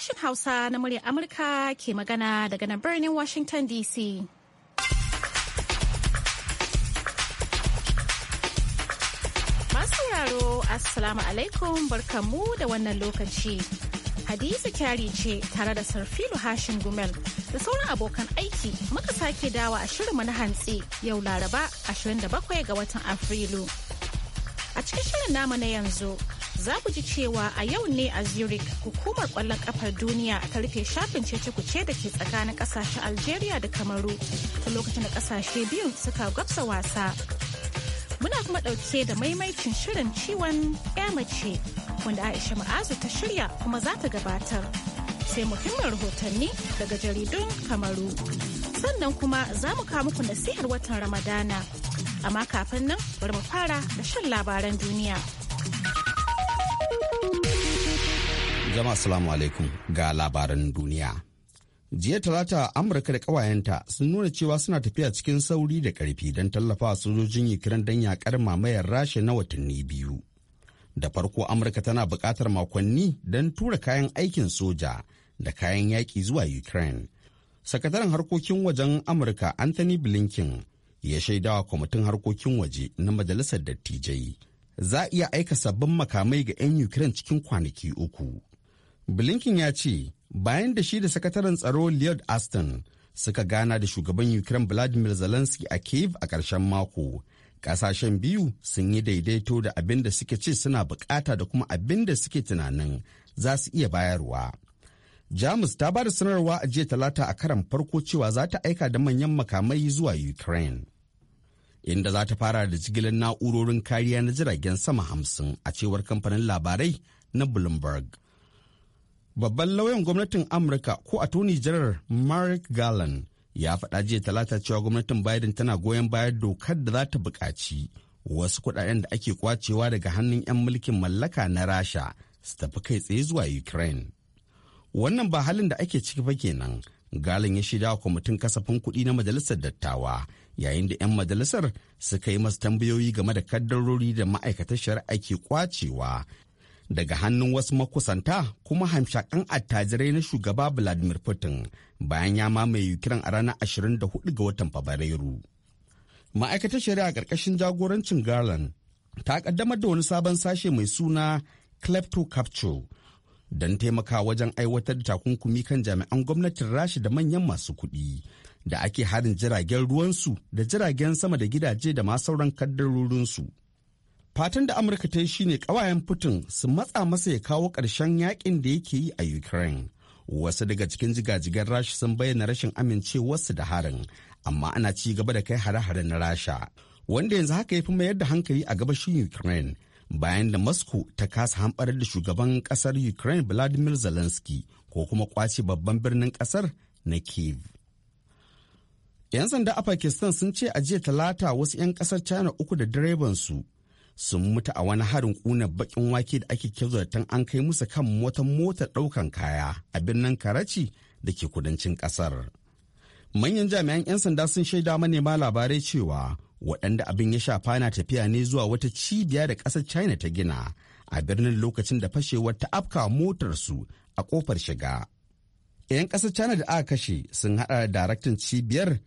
Sashen Hausa na muryar Amurka ke magana daga nan birnin Washington DC. Masu yaro, Assalamu alaikum barkamu da wannan lokaci. Hadiza kyari ce tare da Sarfilu Hashin Gumel da sauran abokan aiki muka sake dawa a shirinmu na hantsi yau Laraba 27 ga watan Afrilu. A cikin shirin namu na yanzu za ku ji cewa a yau ne a Zurich hukumar kwallon kafar duniya ta rufe shafin cece-kuce da ke tsakanin kasashen Algeria da Kamaru ta lokacin da kasashe biyu suka gwabsa wasa. Muna kuma ɗauke da maimaicin shirin ciwon mace wanda Aisha Ma'azu ta shirya kuma za ta gabatar. Sai muhimmin rahotanni daga jaridun Kamaru. Sannan kuma za mu kawo muku nasihar watan Ramadana. Amma kafin nan bari mu fara da shan labaran duniya. Jama'a salamu alaikum ga labaran duniya. Jiya talata Amurka da kawayenta sun nuna cewa suna tafiya cikin sauri da karfi don tallafawa sojojin Ukraine don yakar mamayar Rasha na watanni biyu. Da farko Amurka tana buƙatar makonni don tura kayan aikin soja da kayan yaƙi zuwa Ukraine. Sakataren harkokin wajen Amurka Anthony Blinken ya shaidawa kwamitin harkokin waje na Majalisar Dattijai. Za a iya aika sabbin makamai ga 'yan Ukraine cikin kwanaki uku. Blinken ya ce bayan da shi da sakataren tsaro Lloyd Aston suka gana da shugaban Ukraine Vladimir Zelensky a kyiv a ƙarshen mako. Ƙasashen biyu sun yi daidaito da abin da suke ce suna bukata da kuma abin da suke tunanin za su iya bayarwa. Jamus ta ba da sanarwa a jiya talata a karan farko cewa za ta aika da manyan makamai zuwa Ukraine. Inda za ta fara da jigilar na'urorin kariya na jiragen sama hamsin a cewar kamfanin labarai na Bloomberg. Babban lauyan gwamnatin Amurka ko Tony General Mark Garland ya faɗa jiya talata cewa gwamnatin Biden tana goyon bayan dokar da za ta buƙaci wasu kuɗaɗen da ake kwacewa daga hannun 'yan mulkin mallaka na Rasha su tafi kai tsaye zuwa Ukraine. Wannan ba halin da ake ciki ba kenan. Galin ya shida kwamitin kasafin kuɗi na majalisar dattawa yayin da 'yan majalisar suka yi masu tambayoyi game da kaddarori da ma'aikatar shari'a ke kwacewa daga hannun wasu makusanta kuma hamshakan attajirai na shugaba Vladimir Putin bayan ya mamaye Ukraine a ranar 24 ga watan Fabrairu. Ma'aikatar shari'a ƙarƙashin jagorancin Garland ta ƙaddamar da wani sabon sashe mai suna Klepto Capture don taimaka wajen aiwatar da takunkumi kan jami'an gwamnatin rashi da manyan masu kuɗi da ake harin jiragen ruwansu da jiragen sama da gidaje da ma sauran kaddarorinsu. fatan da amurka ta yi shine kawayen putin su matsa masa ya kawo ƙarshen yakin da yake yi a ukraine wasu daga cikin jiga-jigar rasha sun bayyana rashin amincewarsu da harin amma ana ci gaba da kai hare-hare na rasha wanda yanzu haka ya fi mayar da hankali a gabashin ukraine bayan da moscow ta kasa hamɓarar da shugaban ƙasar ukraine vladimir zelensky ko kuma kwace babban birnin ƙasar na kiev 'yan sanda a pakistan sun ce a jiya talata wasu 'yan ƙasar china uku da direban su sun mutu a wani harin kuna bakin wake da ake tan an kai musu kan wata motar daukan kaya a birnin karachi da ke kudancin kasar manyan jami'an 'yan sanda sun shaida manema labarai cewa waɗanda abin ya shafa na tafiya ne zuwa wata cibiya da ƙasar china ta gina a birnin lokacin da fashewar ta afka su a ƙofar shiga 'yan ƙasar china da aka kashe sun haɗa da daraktan cibiyar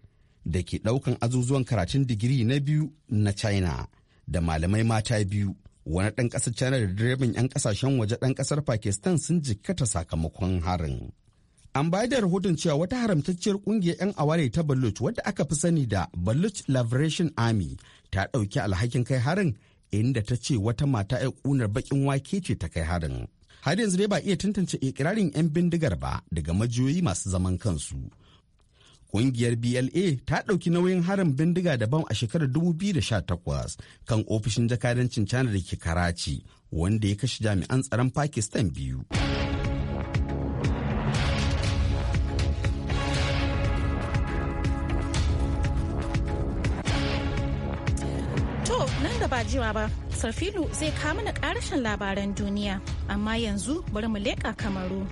da ke ɗaukan azuzuwan karatun digiri na biyu na china da malamai mata biyu wani ɗan ƙasar china da direban 'yan ƙasashen waje ɗan ƙasar pakistan sun jikkata sakamakon harin an bayar da rahoton cewa wata haramtacciyar ƙungiyar 'yan aware ta baluch wadda aka fi sani da baluch liberation army ta ɗauki alhakin kai harin inda ta ce wata mata 'yan ƙunar baƙin wake ce ta kai harin har yanzu dai ba iya tantance ikirarin 'yan bindigar ba daga majiyoyi masu zaman kansu kungiyar BLA ta ɗauki nauyin harin bindiga daban a shekarar 2018 kan ofishin jakadancin China da ke Karachi wanda ya kashe jami'an tsaron Pakistan biyu. to nan jiwa ba, Sarfilu zai kama na ƙarashin labaran duniya, amma yanzu bari mu leƙa kamaru.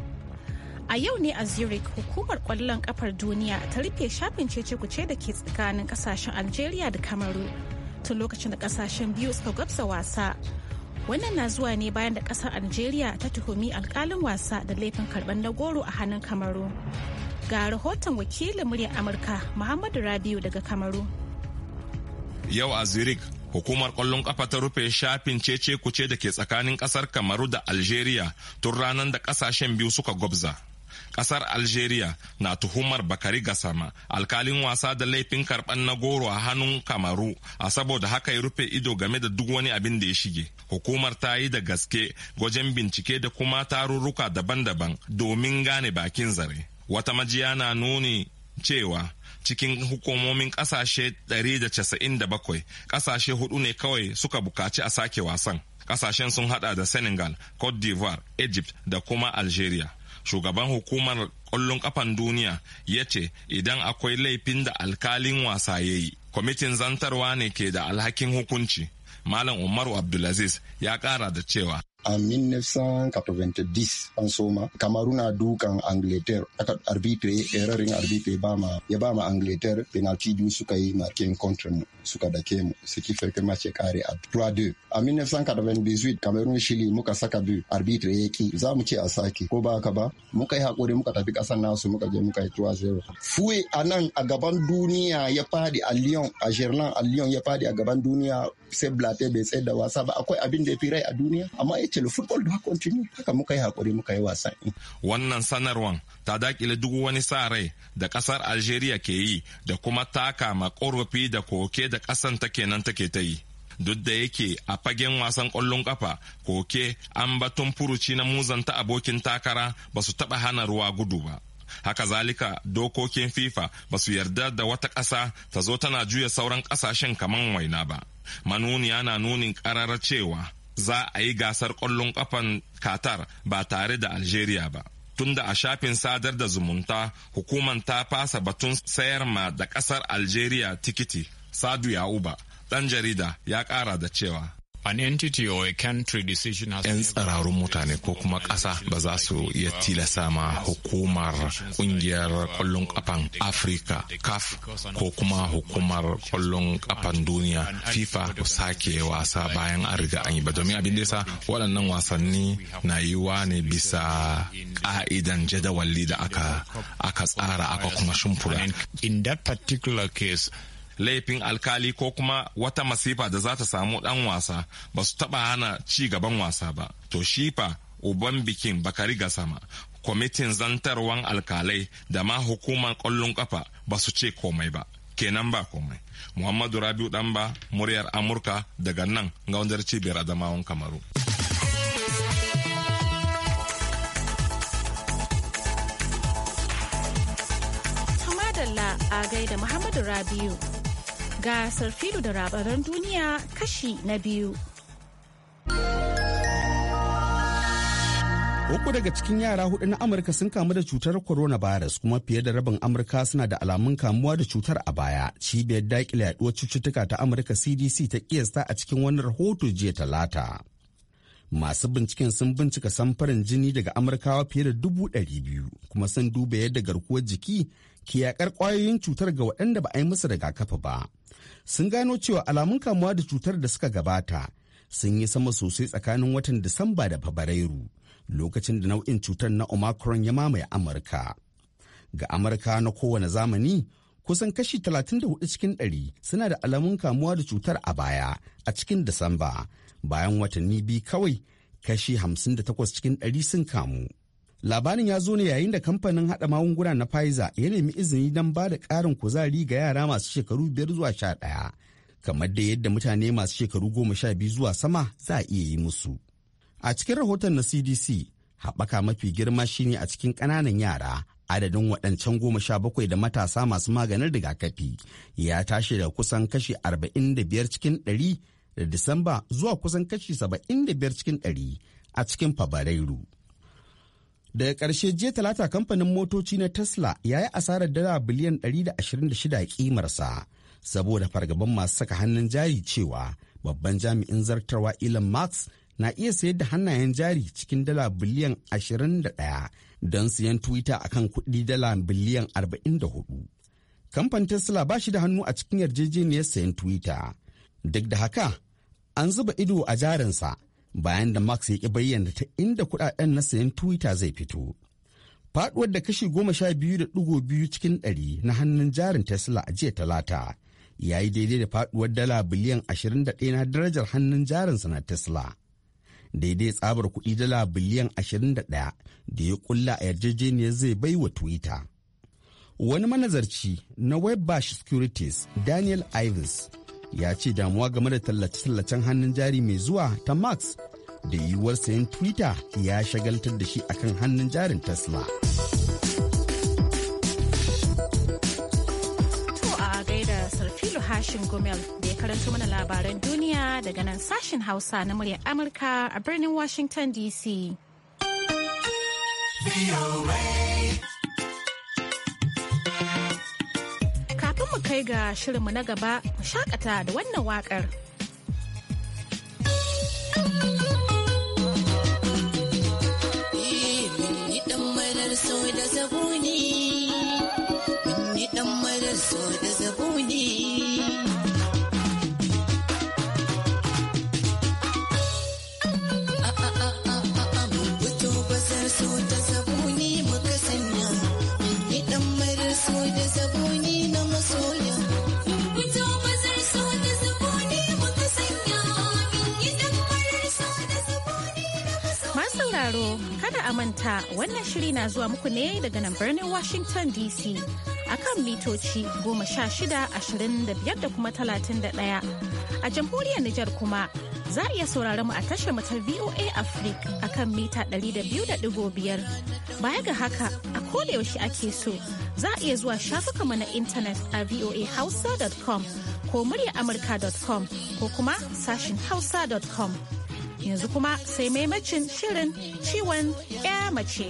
a yau ne a zurich hukumar kwallon kafar duniya ta rufe shafin cece-kuce da ke tsakanin kasashen algeria da kamaru tun lokacin da kasashen biyu suka gabsa wasa wannan na zuwa ne bayan da kasar algeria ta tuhumi alkalin wasa da laifin karban na goro a hannun kamaru ga rahoton wakilin muryar amurka muhammadu rabiu daga kamaru yau a zurich hukumar kwallon kafa ta rufe shafin cece kuce da ke tsakanin kasar kamaru da algeria tun ranar da kasashen biyu suka gwabza kasar algeria na tuhumar bakari gasama alkalin wasa da laifin karban na goro a hannun kamaru a saboda haka ya rufe ido game da duk wani abin da ya shige hukumar ta yi da gaske gwajen bincike da kuma tarurruka daban-daban domin gane bakin zare wata majiya na nuni cewa cikin hukumomin kasashe 197 kasashe hudu ne kawai suka bukaci a sake wasan kasashen sun hada da senegal cote d'ivoire egypt da kuma algeria shugaban hukumar kwallon kafan duniya ya ce idan akwai laifin da alkalin wasa ya yi kwamitin zantarwa ne ke da alhakin hukunci malam umaru abdulaziz ya kara da cewa a 1990 an soma kamaru na dukan angleterre aka arbitre erarin arbitre ba ma ya ba ma angleterre penalty biyu suka yi markin contre mu suka dake mu suki farkin mace kare a 3-2 a 1998 cameroon shili muka saka biyu arbitre ya ki za mu ce a sake ko ba haka ba muka yi hakuri muka tafi kasar nasu muka je muka yi 3-0 fuwe anan a gaban duniya ya fadi a lyon a gerland a lyon ya fadi a gaban duniya sai blatter bai tsayar da wasa ba akwai abin da ya fi rai a duniya amma ce football continue haka muka yi hakuri muka yi wasa wannan sanarwan ta dakile duk wani sa rai da kasar Algeria ke yi da kuma taka ma da koke da kasan ta kenan take ta yi duk da yake a fagen wasan ƙwallon ƙafa koke an batun furuci na muzanta abokin takara ba su taɓa hana ruwa gudu ba haka zalika dokokin fifa ba su yarda da wata ƙasa ta zo tana juya sauran ƙasashen kaman waina ba manuniya na nunin ƙararar cewa za a yi gasar ƙwallon ƙafan qatar ba tare da algeria ba tunda a shafin sadar da zumunta hukumar ta fasa batun sayar ma da ƙasar algeria tikiti sadu yauba ɗan jarida ya ƙara da cewa An entity or a country decision has 'Yan tsararun mutane ko kuma ƙasa ba za su iya tilasa ma hukumar ƙungiyar ƙwallon ƙafan Afirka CAF ko kuma hukumar ƙwallon ƙafan duniya FIFA ku sake wasa bayan an riga an yi ba domin abin da yasa waɗannan wasanni na yiwa ne bisa ƙa'idan jadawali da aka tsara aka kuma shimfura. In that particular case laifin alkali ko kuma wata masifa da za ta samu dan wasa ba su taba hana ci gaban wasa ba to shi fa uban bikin bakari ga sama kwamitin zantarwan alkalai da ma hukumar kwallon kafa ba su ce komai ba kenan ba komai muhammadu rabiu dan ba muryar amurka daga nan gaundar cibiyar adamawan kamaru a gaida Muhammadu Rabiu ga sarfilu da rabaran duniya kashi na biyu. Uku daga cikin yara hudu na Amurka sun kamu da cutar coronavirus kuma fiye da rabin Amurka suna da alamun kamuwa da cutar a baya. Cibiyar daƙile yaduwar cututtuka ta Amurka CDC ta kiyasta a cikin wani rahoto jiya talata. masu binciken sun bincika samfarin jini daga amurkawa fiye da dubu ɗari biyu kuma sun duba yadda garkuwar jiki ke yakar ƙwayoyin cutar ga waɗanda ba a yi musu rigakafi ba sun gano cewa alamun kamuwa da cutar da suka gabata sun yi sama sosai tsakanin watan disamba da fabrairu lokacin da nau'in cutar na omicron ya mamaye amurka ga amurka na kowane zamani kusan kashi 34 cikin 100 suna da alamun kamuwa da cutar a baya a cikin Disamba bayan watanni biyu kawai kashi 58 cikin 100 sun kamu. Labarin ya zo ne yayin da kamfanin haɗa magunguna na Pfizer ya nemi izini don ba da ƙarin kuzari ga yara masu shekaru biyar zuwa sha ɗaya, kamar da yadda mutane masu shekaru goma sha biyu zuwa sama za a iya yi musu. A cikin rahoton na CDC, haɓaka mafi girma shine a cikin ƙananan yara adadin waɗancan goma sha bakwai da matasa masu maganin rigakafi ya tashi da kusan kashi arba'in da biyar cikin ɗari da Disamba zuwa kusan kashi 75 cikin 100 a cikin Fabrairu. Daga ƙarshe jiya talata kamfanin motoci na Tesla ya yi asarar dala biliyan 126 a kimarsa saboda fargaban masu saka hannun jari cewa babban jami'in zartarwa Elon Musk na iya sayar da hannayen jari cikin dala biliyan 21 don siyan Twitter akan kuɗi dala biliyan 44. Kamfan Tesla ba shi da hannu a cikin yarjejeniyar sayan Twitter. Duk da haka, an zuba ido a jarinsa bayan da Max ya ki bayyana ta inda kudaden na sayan Twitter zai fito. Faduwar da kashi goma sha biyu da ɗigo biyu cikin ɗari na hannun jarin Tesla a jiya talata ya yi daidai da faduwar dala biliyan ashirin da ɗaya na darajar hannun jarinsa na Tesla. Daidai tsabar kuɗi dala biliyan ashirin da ɗaya da ya ƙulla a yarjejeniyar zai bai wa Twitter. Wani manazarci na Webbash Securities Daniel Ives ya ce damuwa game da tallace-tallacen hannun jari mai zuwa ta max da yiwuwar sayan twitter ya shagaltar da shi akan hannun jarin tesla Hashin Gomel da ya karanto mana labaran duniya daga nan sashin Hausa na muryar Amurka a birnin Washington DC. kai ga shirinmu na gaba mu shakata da wannan wakar Sau da zabuni, ni ɗan marar sau da zabuni. ta wannan shiri na zuwa muku ne daga nan birnin Washington DC a kan mitoci goma sha shida ashirin da da kuma talatin da ɗaya. A jamhuriyar Nijar kuma za a iya saurari mu a tashar mu ta VOA Africa a kan mita ɗari da biyu da ɗigo biyar. Baya ga haka a yaushe ake so za a iya zuwa shafukanmu na intanet a voahausa.com ko murya amurka.com ko kuma sashin hausa.com. yanzu kuma sai maimacin shirin ciwon ya mace.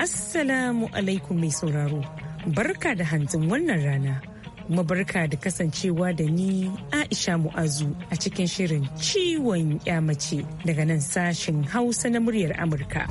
Assalamu alaikum mai sauraro, barka da hantun wannan rana. kuma barka da kasancewa da ni Aisha Mu'azu a cikin shirin ciwon ya mace daga nan sashin Hausa na muryar Amurka.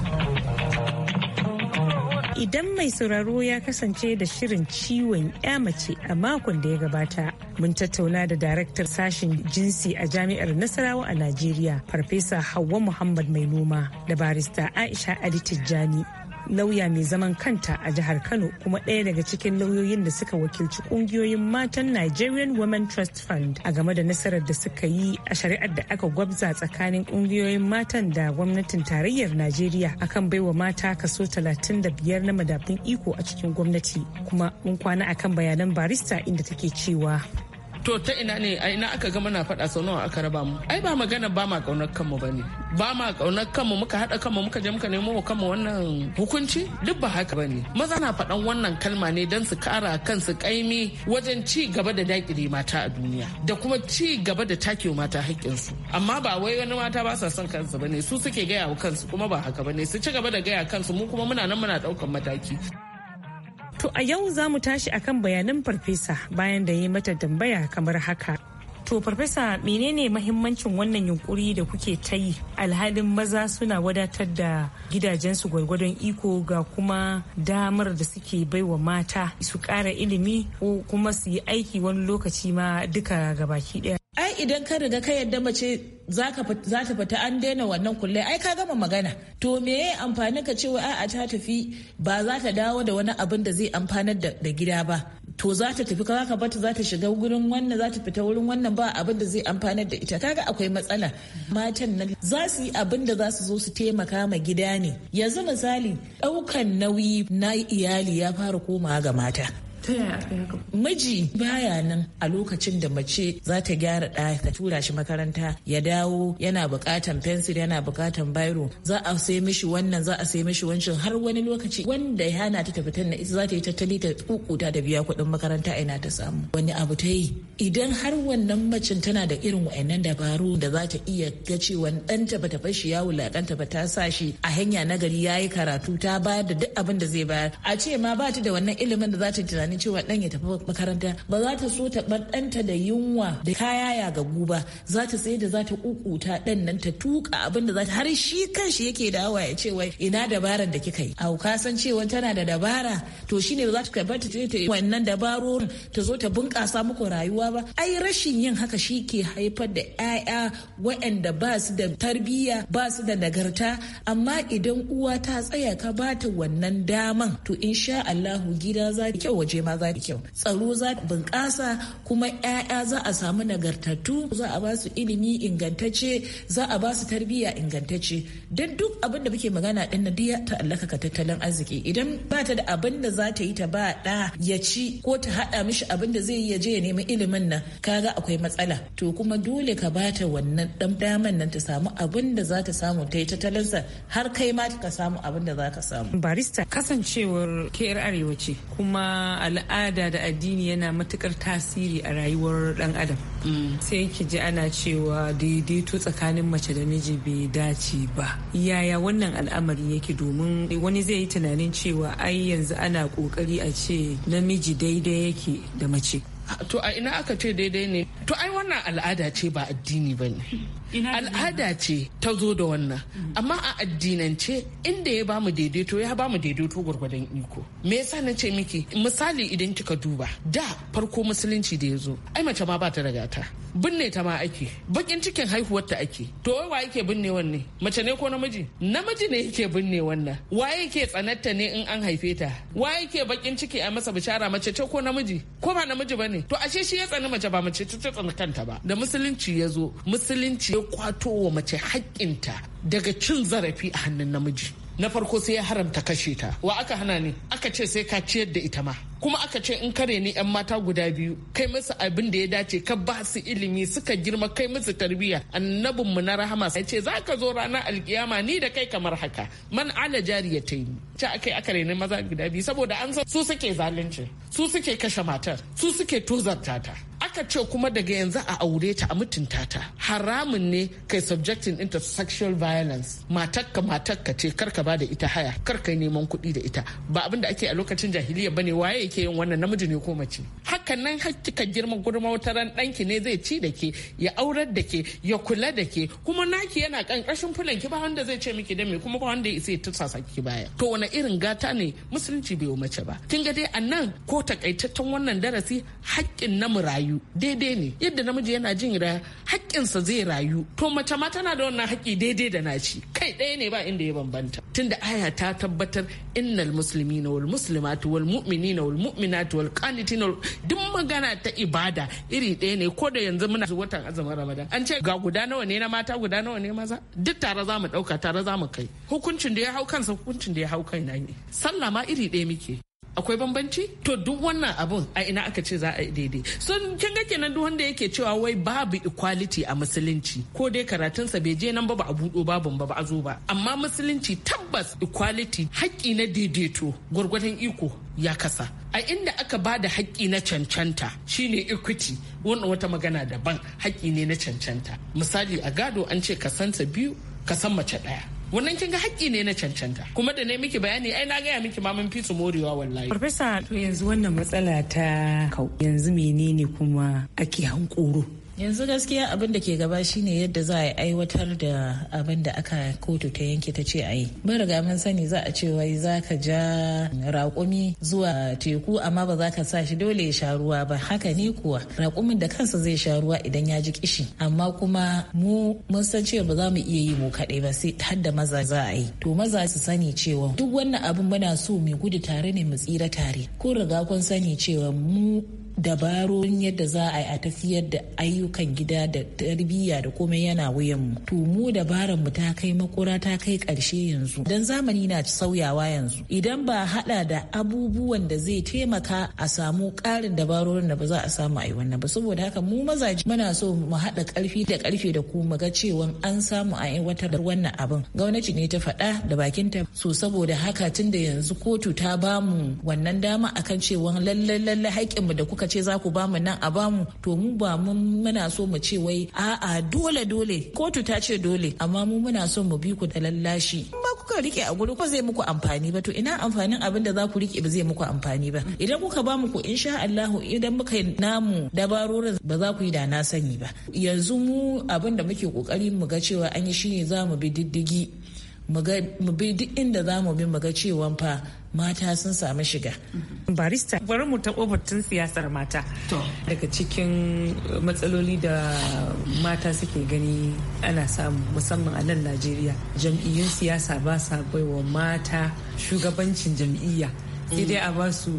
idan mai sauraro ya kasance da shirin ciwon ya mace a makon da ya gabata mun tattauna da daraktar sashen jinsi a jami'ar nasarawa a najeriya farfesa hauwa muhammad mai noma da barista aisha ali tijjani lauya mai zaman kanta a jihar Kano kuma ɗaya daga cikin lauyoyin da suka wakilci kungiyoyin matan Nigerian Women Trust Fund a game da nasarar da suka yi a shari'ar da aka gwabza tsakanin kungiyoyin matan da gwamnatin tarayyar Najeriya akan baiwa mata kaso 35 na madafin iko a cikin gwamnati kuma mun kwana akan bayanan barista inda take cewa to ta ina ne a ina aka ga muna faɗa sau nawa aka raba mu ai ba magana ba ma kaunar kanmu ba ne ba ma kaunar kanmu muka haɗa kanmu muka je muka nemo wa kanmu wannan hukunci duk ba haka ba ne maza na faɗan wannan kalma ne don su kara kansu kaimi wajen ci gaba da dakile mata a duniya da kuma ci gaba da take mata haƙƙinsu amma ba wai wani mata ba sa son kansu ba ne su suke gaya wa kansu kuma ba haka ba ne su ci gaba da gaya kansu mu kuma muna nan muna ɗaukan mataki To a yau za mu tashi akan bayanan farfesa bayan da ya yi mata tambaya kamar haka. To farfesa menene mahimmancin wannan yunkuri da kuke ta yi alhalin maza suna wadatar da gidajensu gwargwadon iko ga kuma damar da suke baiwa mata su kara ilimi ko kuma su yi aiki wani lokaci ma duka gabaki ɗaya. ai idan ka riga ka yadda mace za ta fita an daina wannan kullai ai ka gama magana to me ya amfani ka cewa a'a ta tafi ba za ta dawo da wani abin da zai amfanar da gida ba to za ta tafi ka bata za ta shiga gurin wannan za ta fita wurin wannan ba abin da zai amfanar da ita kaga akwai matsala matan nan za su yi abin da za su zo su taimaka ma gida ne yanzu misali ɗaukan nauyi na iyali ya fara komawa ga mata ta yaya miji baya nan a lokacin da mace za ta gyara ɗa ta tura shi makaranta ya dawo yana buƙatan fensir yana buƙatan bairo za a sai mishi wannan za a sai mishi wancan har wani lokaci wanda ya hana ta tafi na za ta yi tattali ta kukuta da biya kuɗin makaranta ina ta samu wani abu ta yi idan har wannan macin tana da irin wa'annan dabaru da za ta iya ga cewa ɗanta bata bar shi ya wulaƙanta ba ta sa shi a hanya nagari ya yi karatu ta bayar da duk abin da zai bayar a ce ma ba ta da wannan ilimin da za ta tunanin cewa dan ya tafi makaranta ba za ta so ta bar ɗanta da yunwa da kaya ya gagu ba za ta sai da za ta kukuta ɗan nan ta tuka abin da za ta har shi kanshi yake dawa ya ce wai ina dabaran da kika yi au ka san cewa tana da dabara to shine ba za ta bar ta je ta wannan dabarorin ta zo ta bunƙasa muku rayuwa ba ai rashin yin haka shi ke haifar da 'ya'ya waɗanda ba su da tarbiyya ba su da nagarta amma idan uwa ta tsaya ka ba ta wannan daman to insha Allahu gida za ta kyau waje ma za kyau tsaro za bunƙasa kuma 'ya'ya za a samu nagartattu za a basu ilimi ingantacce za a ba su tarbiyya ingantacce don duk abin da muke magana din na diya ta'allaka ka tattalin arziki idan ba ta da abin da za ta yi ta ba ɗa ya ci ko ta haɗa mishi abin da zai yi ya je ya nemi ilimin nan kaga akwai matsala to kuma dole ka ba ta wannan dan daman nan ta samu abin da za ta samu ta yi tattalinsa har kai ma ka samu abin da za ka samu barista kasancewar ke arewa ce kuma a al'ada da addini yana matukar tasiri a rayuwar dan adam mm. sai ki ji ana cewa daidaito tsakanin mace da miji bai dace ba yaya wannan al'amari yake domin wani zai yi tunanin cewa ai yanzu ana kokari a ce namiji daidai yake da mace to a ina aka ce daidai ne to ai wannan al'ada ce ba addini ba ne al'ada ce ta zo da wannan amma a addinance inda ya bamu daidaito ya bamu daidaito gwargwadon iko me yasa na ce miki misali idan kika duba da farko musulunci da ya zo ai mace ma ba ta da gata binne ta ma ake bakin cikin haihuwar ta ake to wai wa yake binne wanne mace ne ko namiji namiji ne yake binne wannan wa yake tsanatta ne in an haife ta wa yake bakin ciki a masa bishara mace ce ko namiji ko ba namiji bane ne to ashe shi ya tsani mace ba mace ta tsani kanta ba da musulunci ya zo musulunci ya kwato wa mace haƙƙinta daga cin zarafi a hannun namiji na farko sai ya haramta kashe ta wa aka hana ne aka ce sai ka ciyar da ita ma kuma aka ce in kare ni yan mata guda biyu kai musu abin da ya dace ka ba su ilimi suka girma kai musu tarbiyya annabin mu na rahama sai ce za ka zo ranar alkiyama ni da kai kamar haka man ala jariya ta yi ta akai aka reni maza guda biyu saboda an san su suke zalunci su suke kashe matar su suke tozarta ta aka ce kuma daga yanzu a aure ta a mutunta ta haramun ne kai subjectin into sexual violence matakka matakka ce karka ba da ita haya karka neman kuɗi da ita ba abin da ake a lokacin jahiliya bane waye yake yin wannan namiji ne ko mace hakan nan hakika girma gurma wata ran danki ne zai ci da ke ya aurar da ke ya kula da ke kuma naki yana kankashin fulan ki ba wanda zai ce miki da kuma ba wanda zai tursasa ki baya to wani irin gata ne musulunci bai mace ba kin ga dai a nan ko takaitaccen wannan darasi haƙƙin na mu rayu daidai ne yadda namiji yana jin ra haƙƙinsa zai rayu to mace ma tana da wannan haƙƙi daidai da naci kai ɗaya ne ba inda ya bambanta tunda aya ta tabbatar innal muslimina wal muslimatu wal mu'minina wal mu'minat wal qanitin duk magana ta ibada iri ɗaya ne ko da yanzu muna watan azumin Ramadan an ce ga guda nawa ne na mata guda nawa ne maza duk tare za mu ɗauka tare za mu kai hukuncin da ya hau kansa hukuncin da ya hau na ne sallah ma iri ɗaya muke akwai bambanci to duk wannan abun a ina aka ce za a yi daidai so kin ga kenan duk wanda yake cewa wai babu equality a musulunci ko dai karatun sa bai je nan ba ba a budo babun ba ba a zo ba amma musulunci tabbas equality haƙƙi na daidaito gwargwadon iko ya kasa a inda aka ba da haƙƙi na cancanta shine equity wannan wata magana daban haƙƙi ne na cancanta misali a gado an ce kasanta biyu ka san mace ɗaya wannan kin ga haƙƙi ne na cancanta kuma da ne miki bayani ai na gaya miki ma mun fi su morewa wallahi farfesa to yanzu wannan matsala ta kau yanzu menene kuma ake hankoro yanzu gaskiya abin da ke gaba shine yadda za a aiwatar da abin da aka kotu ta yanke ta ce a yi riga mun sani za a ce wai za ka ja raƙumi zuwa teku amma ba za ka sa shi dole ya sha ruwa ba haka ne kuwa raƙumin da kansa zai sha ruwa idan ya ji kishi amma kuma mu mun san cewa ba za mu iya yi mu kaɗai ba sai har da maza za a yi to maza su sani cewa duk wannan abin muna so mai gudu tare ne mu tsira tare kun riga kun sani cewa mu dabarun yadda za a yi a tafiyar da ayyukan gida da tarbiyya da komai yana wuyanmu to mu dabaran mu ta kai makura ta kai ƙarshe yanzu dan zamani na sauyawa yanzu idan ba hada da abubuwan da zai taimaka a samu ƙarin dabarorin da ba za a samu a wannan ba saboda haka mu mazaje muna so mu haɗa ƙarfi da ƙarfe da kuma ga cewa an samu a aiwatar wannan abin gwamnati ne ta faɗa da bakinta so saboda haka tun da yanzu kotu ta bamu wannan dama akan cewa lallai lallai haƙƙinmu da kuka ce za ku bamu nan a bamu to mu ba mun muna so mu ce wai a'a dole dole kotu ta ce dole amma mu muna so mu bi ku da lallashi ba kuka rike a guri ko zai muku amfani ba to ina amfanin abin da za ku rike ba zai muku amfani ba idan kuka bamu ku insha Allah idan muka namu dabarorin ba za ku yi da na sani ba yanzu mu abin da muke kokari mu ga cewa an yi shine za mu bi diddigi mu bi duk inda za mu bi mu ga cewa fa mata sun samu shiga. barista bari mu taɓo batun siyasar mata daga cikin matsaloli da mata suke gani ana samu musamman a nan najeriya jam'iyyun siyasa ba sa baiwa mata shugabancin jam'iyya sai dai a basu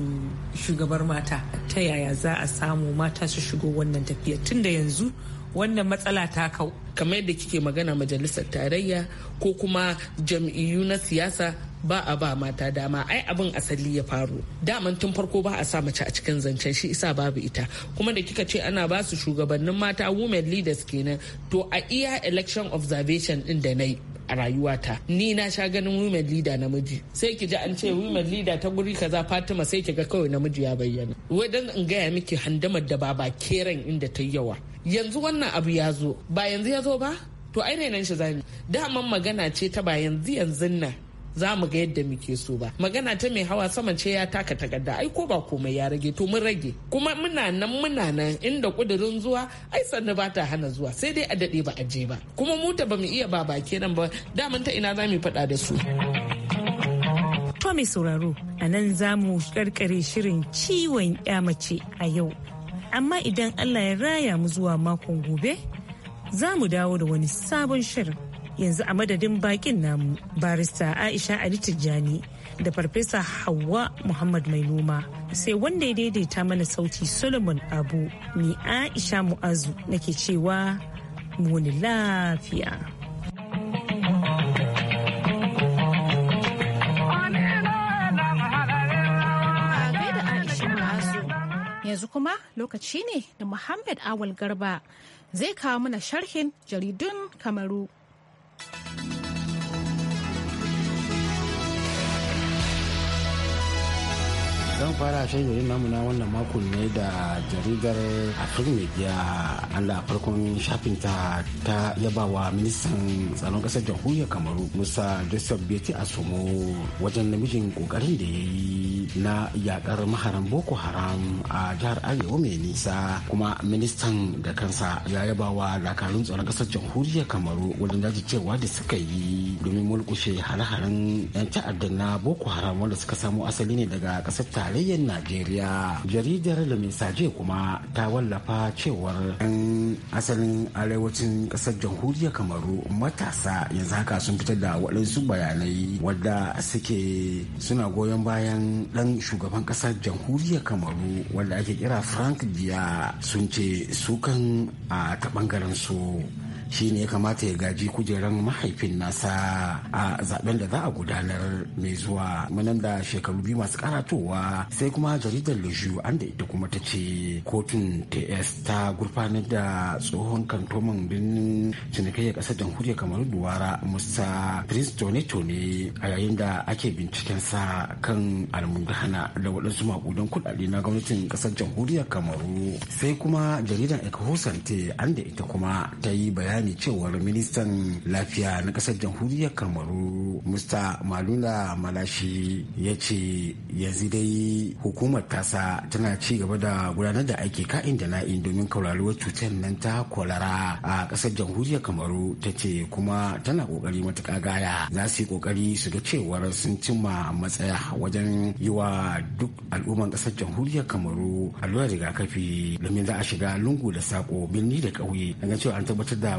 shugabar mata ta yaya za a samu mata su shigo wannan tafiya tun da yanzu wannan matsala ta kau kamar yadda kike magana majalisar tarayya ko kuma jam'iyyu na siyasa ba a ba mata dama ai abin asali ya faru daman tun farko ba a sa mace a cikin zancen shi isa babu ita kuma da kika ce ana ba su shugabannin mata women leaders kenan to a iya election observation din da na a rayuwata ni na sha ganin women leader namiji sai ki ji an ce women leader ta guri kaza fatima sai ki ga kawai namiji ya bayyana wai dan in gaya miki handamar da baba keren inda ta yawa yanzu wannan abu ya zo ba yanzu ya zo ba to ai nan shi zamu daman magana ce ta ba yanzu yanzu nan za mu ga yadda muke so ba magana ta mai hawa sama ce ya taka takarda ai ko ba komai ya rage to mun rage kuma muna nan muna nan inda kudirin zuwa ai sannu ba ta hana zuwa sai dai a dade ba a je ba kuma mu ta mu iya ba baki nan ba daman ta ina za mu faɗa da su to mai sauraro a nan za mu karkare shirin ciwon ya mace a yau amma idan allah ya raya mu zuwa makon gobe za mu dawo da wani sabon shirin yanzu a madadin bakin namu barista aisha ali tijjani da farfesa hawa muhammad mai noma sai wanda ya daidaita mana sauti solomon abu ni aisha mu'azu nake cewa muni lafiya. kuma lokaci ne da Muhammad Awal Garba zai kawo mana sharhin jaridun Kamaru. zan fara shaidari namu na wannan makon ne da jaridar afrik media allah farkon shafin ta ta yabawa ministan tsaron kasar jamhuriyar kamaru musa joseph beti asomo wajen namijin kokarin da ya yi na yakar maharan boko haram a jihar arewa mai nisa kuma ministan da kansa ya yabawa dakarun tsaron kasar jamhuriyar kamaru wajen daji cewa da suka yi domin mulkushe hare-haren 'yan ta'adda na boko haram wanda suka samo asali ne daga kasar tarayyar najeriya jaridar lumisaje kuma ta wallafa cewar 'yan asalin arewacin kasar jamhuriyar kamaru matasa yanzu haka sun fitar da waɗansu bayanai wadda suke suna goyon bayan ɗan shugaban kasar jamhuriyar kamaru wadda ake kira frank biya sun ce sukan a ta ɓangaren su shi ne ya kamata ya gaji kujeran mahaifin nasa a zaben da za a gudanar mai zuwa manan da shekaru biyu masu karatowa sai kuma jaridar lejiyu an da ita kuma ta ce kotun ts ta gurfanar da tsohon kantoman birnin cinikayyar ƙasar jamhuriyar kamar duwara musa prince tone tone a yayin da ake sa kan almundana da waɗansu maƙudan kuɗaɗe na gwamnatin ƙasar jamhuriyar kamaru sai kuma jaridar ekohosante an da ita kuma ta yi bayani bayani cewar ministan lafiya na kasar jamhuriyar kamaru musta malula malashi ya ce yanzu dai hukumar tasa tana ci gaba da gudanar da aiki ka'in da na'in domin kauraruwar cutar nan ta kwalara a kasar jamhuriyar kamaru ta ce kuma tana kokari matuka gaya za su yi kokari su ga cewar sun cimma matsaya wajen yi wa duk al'umman kasar jamhuriyar kamaru allurar rigakafi domin za a shiga lungu da sako birni da ƙauye an cewa an tabbatar da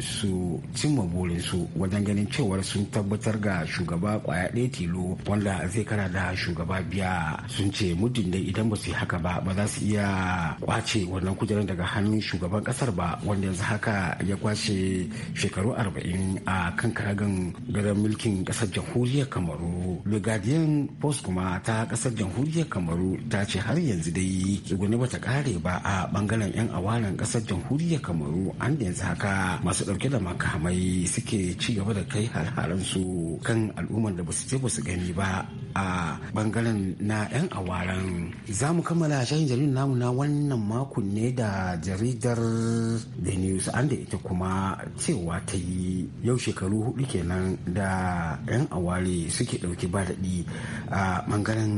su cimma burinsu wajen ganin cewar sun tabbatar ga shugaba kwaya ɗaya tilo wanda zai kara da shugaba biya sun ce muddin da idan ba su yi haka ba ba za su iya kwace wannan kujerar daga hannun shugaban ƙasar ba wanda yanzu haka ya kwashe shekaru arba'in a kan karagan gadon mulkin ƙasar jamhuriyar kamaru the guardian post kuma ta ƙasar jamhuriyar kamaru ta ce har yanzu dai tsuguni bata kare ba a bangaren yan awanan kasar jamhuriyar kamaru an da yanzu haka masu dauke da makamai suke ci gaba da kai har su kan al'ummar da basu je basu gani ba a bangaren na 'yan awaran za mu kammala shahin jaridar namu na wannan makon ne da jaridar the news an da ita kuma cewa ta yi yau shekaru hudu kenan da 'yan aware suke ɗauki ba daɗi a bangaren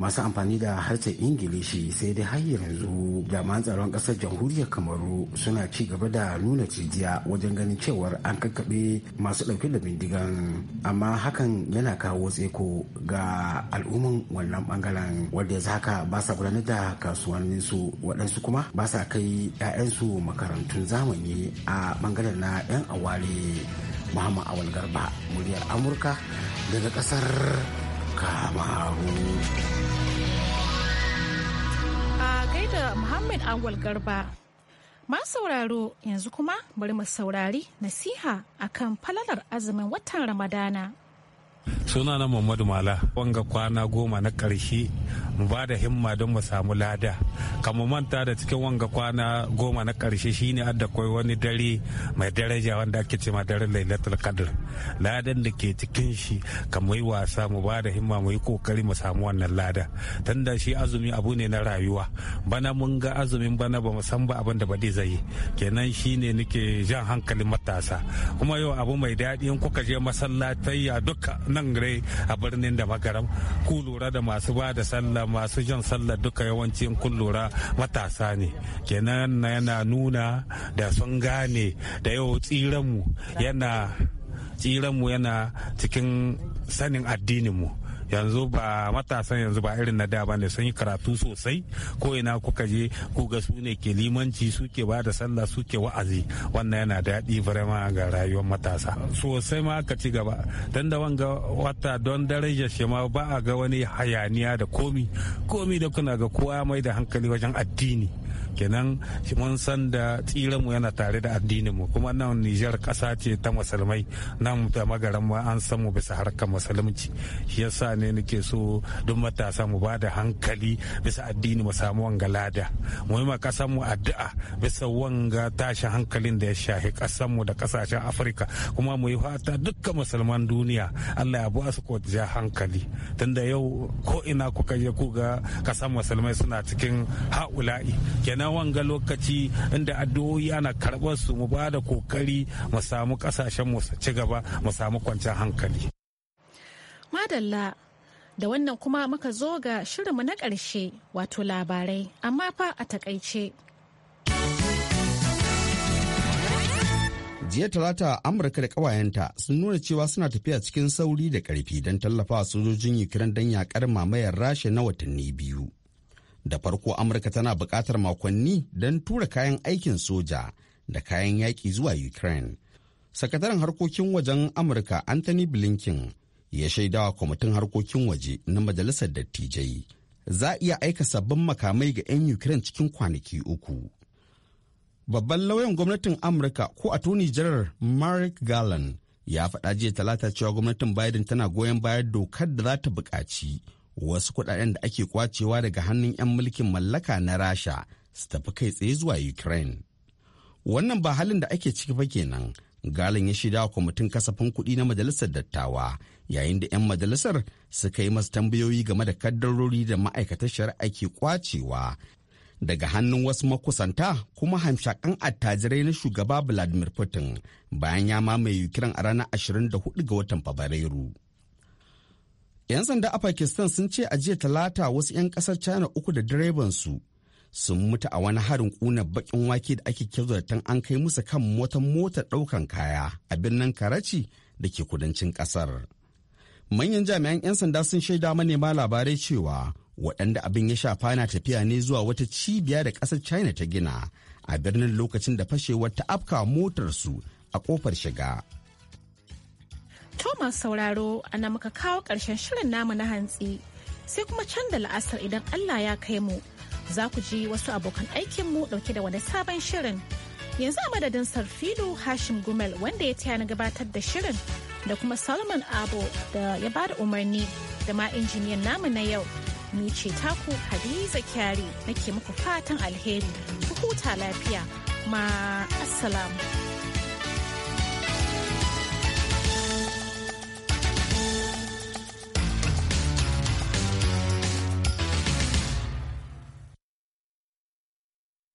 masu amfani da harshen ingilishi sai dai har yanzu da tsaron ƙasar jamhuriyar kamaru suna ci gaba da nuna cijiya wajen ganin cewar an kakkaɓe masu ɗauke da bindigan amma hakan yana kawo tseko ga al'umman wannan bangaren wanda yanzu haka ba sa gudanar da kasuwannin su waɗansu kuma ba sa kai 'ya'yansu makarantun zamani a bangaren na 'yan aware muhammad awal garba muryar amurka daga ƙasar kamaru a gaida muhammad awal garba Ma sauraro yanzu kuma bari mu saurari nasiha akan falalar azumin watan Ramadana. suna na muhammadu mala wanga kwana goma na karshe mu ba da himma don mu samu lada kamu manta da cikin wanga kwana goma na karshe shine adda kwai wani dare mai daraja wanda ake ce ma daren lailatul qadr ladan da ke cikin shi ka mu yi wasa mu ba da himma mu yi kokari mu samu wannan lada tunda shi azumi abu ne na rayuwa bana mun ga azumin bana ba mu san ba abin da ba zai yi kenan shine nake jan hankalin matasa kuma yau abu mai daɗi in kuka je masallatai ya duka nan rai a birnin da makaram ku lura da masu ba da sallah masu jan sallah duka yawanci kun lura matasa ne kenan yana nuna da sun gane da yau tsiranmu yana tsiranmu yana cikin sanin addinin mu. yanzu ba matasan yanzu ba irin na da ba ne sun yi karatu sosai ko ina kuka je ku ga su ne ke limanci suke ba da sallah suke wa'azi wannan yana daɗi vraiment ga rayuwar matasa sosai ma aka ci gaba don da wanga wata don darajar shi ma ba a ga wani hayaniya da komi komi da kuna ga kowa mai da hankali wajen addini kenan mun san da tsiran mu yana tare da addinin mu kuma nan Nijar kasa ce ta musulmai nan ta magaran mu an san mu bisa harkar musulunci shi yasa ne nake so duk matasa mu ba da hankali bisa addini mu samu wanga lada mu yi ma kasar mu addu'a bisa wanga tashi hankalin da ya shahi kasan mu da kasashen Afirka kuma mu yi fata dukkan musulman duniya Allah ya ba su ko hankali tunda yau ko ina kuka je ku ga kasan musulmai suna cikin haula'i kenan na wanga lokaci inda addu'o'i ana karɓar su mu ba da kokari mu samu kasashen mu ci gaba mu samu kwanciyar hankali madalla da wannan kuma muka zo ga shirinmu na ƙarshe wato labarai amma fa a takaice jiya talata amurka da ƙawayenta sun nuna cewa suna tafiya cikin sauri da ƙarfi don tallafawa sojojin ukraine don yakar mamayar rasha na watanni biyu Da farko Amurka tana buƙatar makonni don tura kayan aikin soja da kayan yaƙi zuwa Ukraine. Sakataren harkokin wajen Amurka Anthony Blinken ya shaidawa kwamitin harkokin waje na Majalisar Dattijai. Za a iya aika sabbin makamai ga 'yan Ukraine cikin kwanaki uku. Babban lauyan gwamnatin Amurka ko tony jirar mark Garland ya faɗa jiya talata cewa gwamnatin Biden tana goyon bayan dokar da za ta buƙaci wasu kudaden da ake kwacewa daga hannun 'yan mulkin mallaka na rasha su tafi kai tsaye zuwa ukraine wannan ba halin da ake ciki fa kenan galin ya shida wa kwamitin kasafin kuɗi na majalisar dattawa yayin da 'yan majalisar suka yi masu tambayoyi game da kaddarori da ma'aikatar shari'a ke kwacewa daga hannun wasu makusanta kuma hamshakan attajirai na shugaba vladimir putin bayan ya mamaye ukraine a ranar 24 ga watan fabrairu 'Yan sanda a Pakistan sun ce a jiya talata wasu 'yan kasar China uku da direban su sun mutu a wani harin kuna bakin wake da ake tan an kai musu kan wata motar daukan kaya a birnin Karachi da ke kudancin kasar. Manyan jami'an 'yan sanda sun shaida manema labarai cewa waɗanda abin ya shafa na tafiya ne zuwa wata cibiya da kasar China ta gina a birnin lokacin da fashewar ta afka su a kofar shiga. Thomas sauraro ana muka kawo ƙarshen shirin namu na hantsi sai kuma can da la'asar idan Allah ya kai mu za ku ji wasu abokan aikinmu ɗauke da wani sabon shirin. Yanzu a madadin Sarfilu Hashim Gumel wanda ya taya na gabatar da shirin da kuma Solomon Abo da ya ba da umarni da ma injiniyan namu na yau. Ni ce taku Hadiza Kyari nake muku fatan alheri, ku huta lafiya, ma assalamu.